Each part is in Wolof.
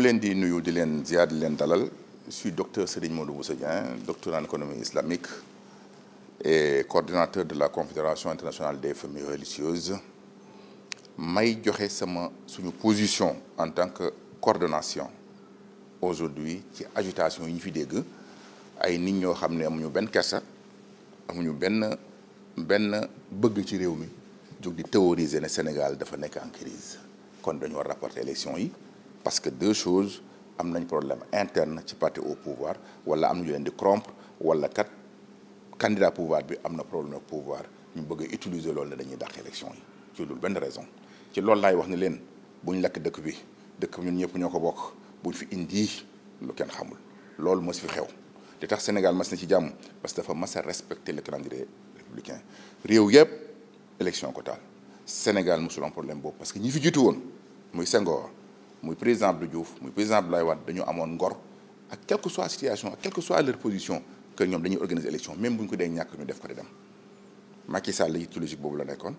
dama leen di nuyu di leen ziar di leen dalal je suis docteur Serigne Modou Moussa Dieng docteur en économie islamique et coordinateur de la confédération internationale des familles religieuses may joxe sama suñu position en tant que coordination aujourd'hui ci agitation yi ñu fi dégg ay nit ñoo xam ne amuñu benn kersa amuñu benn benn bëgg ci réew mi jóg di théoriser ne Sénégal dafa nekk en crise kon dañu war rapporter élection yi parce que deux choses am nañ problème interne ci parti au pouvoir wala am ñu leen di corrompre wala kat candidat pouvoir bi am na problème ak pouvoir ñu bëgg utiliser loolu ne dañuy dàq élection yi ci lu benn raison ci loolu laay wax ni leen buñ lakk dëkk bi dëkk bi ñun ñëpp ñoo ko bokk buñ fi indi lu kenn xamul loolu mos fi xew li tax Sénégal mas na ci jàmm parce que dafa mas a respecter le calendrier républicain réew yëpp élection ko taal Sénégal mosul am boobu parce que ñi fi jiitu woon muy Senghor muy président Abdou Diouf muy président Abdoulaye Wade dañu amoon ngor ak quelle que soit situation ak quelle que soit leur position que ñoom dañuy organiser élection même bu ñu ko dee ñàkk ñu def ko di dem Macky Sall yi logique boobu la nekkoon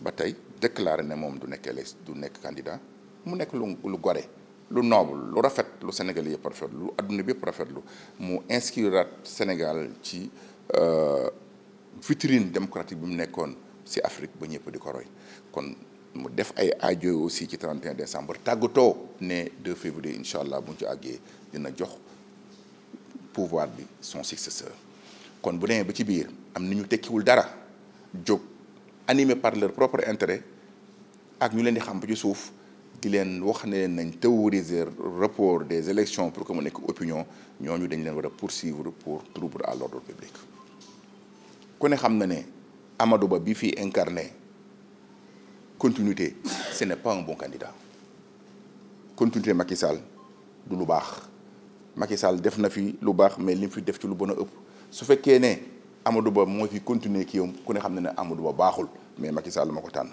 ba tey déclaré ne moom du nekk élec du nekk candidat mu nekk lu lu gore lu noble lu rafet lu Sénégal yëpp rafetlu lu adduna bi yëpp rafetlu mu inscriraat Sénégal ci euh, vitrine démocratique bi mu nekkoon si Afrique ba ñëpp di ko roy mu def ay ajo aussi ci 31 décembre tàggatoo ne 2 février incha allah bu ñu ci àggee dina jox pouvoir bi son successeur kon bu demee ba ci biir am na ñu tekkiwul dara jóg animé par leur propre intérêt ak ñu leen di xam ba ci suuf di leen wax ne leen nañ théoriser report des élections pour que mu nekk opinion ñooñu dañ leen war a poursuivre pour trouble à l'ordre public ku ne xam na ne Amadou Ba bi fii incarné. continuité ce n'est pas un bon candidat continuité du lu baax Macky def na fi lu baax mais li mu fi def ci lu bon a ëpp su fekkee ne Amadou Ba moo fi continuer kii ku ne xam ne ne Amadou Ba baaxul mais Macky Sall ma ko tànn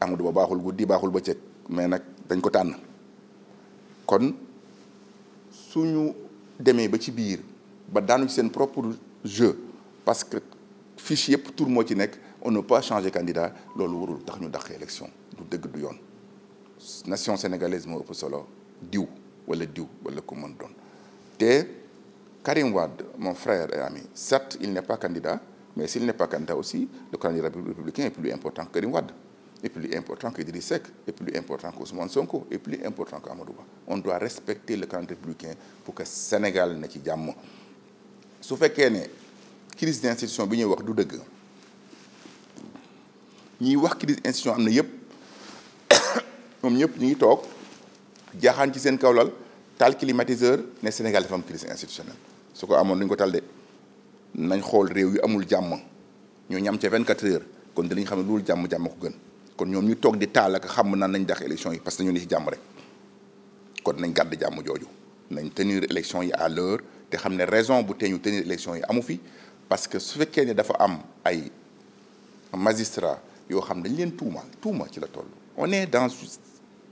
Amadou Ba baaxul guddi baaxul bëccëg mais nag dañ ko tànn kon ñu demee ba ci biir ba daanu ci seen propre jeu parce que fiche yëpp tur moo ci nekk on ne peut pas changer candidat loolu warul tax ñu dàq élection du dëgg du yoon nation sénégalaise moo ëpp solo diw wala diw wala ku mën doon te Karim Wade mon frère et ami certes il n'est pas candidat mais s'il ne pas candidat aussi le candidat républicain est plus important que Karim Wade est plus important qu'Idriss Seck est plus important qu'Ousmane Sonko est plus important qu'Amadou Ba on doit respecter le camp républicain pour que Sénégal na ci jàmm su fekkee ne crise bi ñuy wax du dëgg ñiy wax crise institution am na yëpp moom ñëpp ñu ngi toog jaaxaan ci seen kawlal taal climatiseur ne Sénégal dafa am crise institutionnelle su ko amoon duñ ko tal de nañ xool réew yu amul jàmm ñoo ñam ca 24 heures kon dinañ xam ne loolu jàmm jàmm ko gën kon ñoom ñu toog di taal ak xam naan nañ dax élection yi parce que ñu ni ci jàmm rek kon nañ gàdd jàmm jooju nañ tenir élection yi à l'heure te xam ne raison bu tee ñu tenir élection yi amu fi parce que su fekkee ne dafa am ay magistrat yoo xam dañ leen tuuma tuuma ci la toll on est dans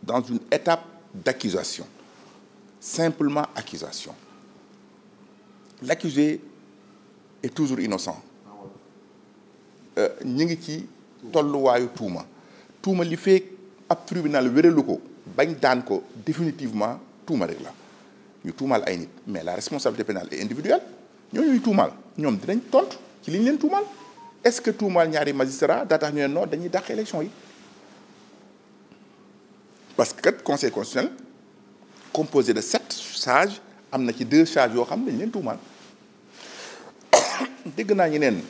dans une étape d'accusation simplement accusation l'accusé est toujours innocent euh, ñu ngi ci tolluwaayu tuuma tuuma li fekk ab tribunal wéralu ko bañ daan ko définitivement tuuma rek la ñu tuumaal ay nit mais la responsabilité pénale est individuelle ñoo ñuy tuumaal ñoom dinañ tontu ci li leen tuumaal est-ce que tuumaal ñaari magistra daa tax ñu ne non dañuy dàq élection yi parce que conseil constitutionnel composé de sept sages am na ci deux sages yoo xam dañ leen tuumaal dégg naa ñu neen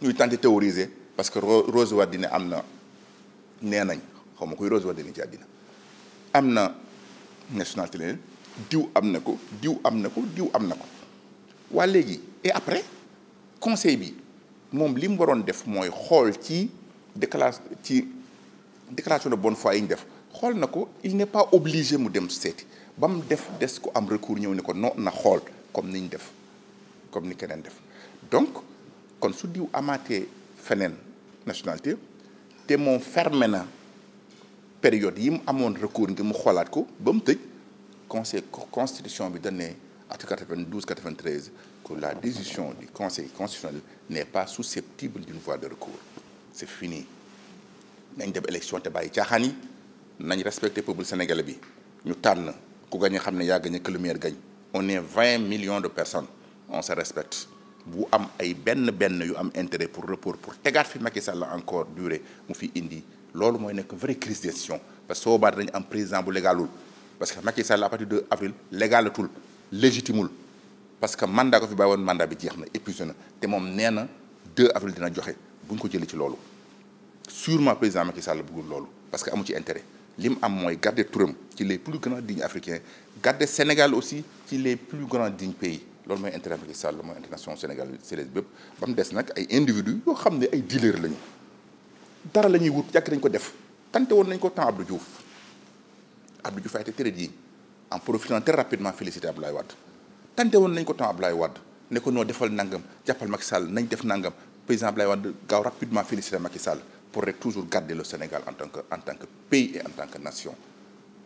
ñuy tenté théoriser parce que Rose ne am na nee nañ xaw ma kuy Rose Wardini ci àddina am na nationalité leneen diw am na ko diw am na ko diw am na ko waa léegi et après conseil bi moom li mu waroon def mooy xool ci déclaration ci déclaration de bon fois yi ñu def xool na ko il n'est pas obligé mu dem seeti ba mu def des ko am recours ñëw ne ko non na xool comme ni def comme ni keneen def donc kon su diw amaatee feneen nationalité te moom ferme na période yi mu amoon recours ngir mu xoolaat ko ba mu tëj conse constitution bi dañ article que la décision du Conseil constitutionnel n'est pas susceptible d'une voie de recours c'est fini nañ dem élection te bàyyi caaxaan yi nañ respecter peuple sénégalais bi ñu tànn ku gañ xam ne yàgg gañ que le meilleur gagne on est 20 millions de personnes on se respecte bu am ay benn benn yu am intérêt pour report pour tegaat fi Macky Sall encore durée mu fi indi loolu mooy nekk vraie crise gestion parce que soo baat dañu am président bu légalul parce que Macky Sall à partir de avril légalatul légitimul parce que mandat ko fi bàyyi woon mandat bi jeex na épuisé na te moom nee na 2 avril dina joxe bu ñu ko jëlee ci loolu sûrement président Macky Sall bëggul loolu parce que amu ci intérêt li mu am mooy garder turam ci les plus grands dignes africains garder Sénégal aussi ci les plus grands dignes pays loolu mooy intérêt Macky Sall mooy international Sénégal sénégalais bépp ba mu des nag ay individus yoo xam ne ay dealers lañu dara la ñuy wut yàgg nañ ko def tante woon nañ ko temps Abdou Diouf a en profitant très rapidement félicité Abdoulaye Wade tante woon nañ ko temps Abdoulaye Wade ne ko noo defal nangam jàppal Macky Sall nañ def nangam président Abdoulaye Wade gaaw rapidement félicité Macky Sall toujours garder le Sénégal en tant que en tant que pays et en tant que nation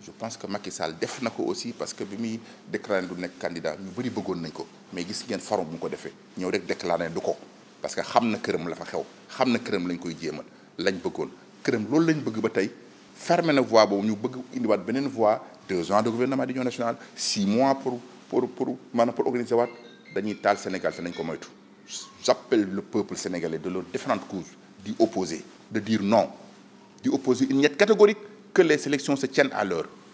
je pense que Macky Sall def na ko aussi parce que bi muy déclaré du nekk candidat ñu bëri bëggoon nañ ko mais gis ngeen faru bu ko defee ñëw rek déclaré du ko parce que xam na këram la fa xew xam na këram lañ koy jéemal lañ bëggoon këram loolu lañ bëgg ba tey fermé na voie boobu ñu bëgg indiwaat beneen voie deux ans de gouvernement d'union nationale six mois pour pour pour maanaam pour organiser waat dañuy taal Sénégal te nañ ko moytu j'appelle le peuple sénégalais de leurs différentes causes d'y opposer de dire non d'y opposer une niet catégorique que les élections se tiennent à l'heure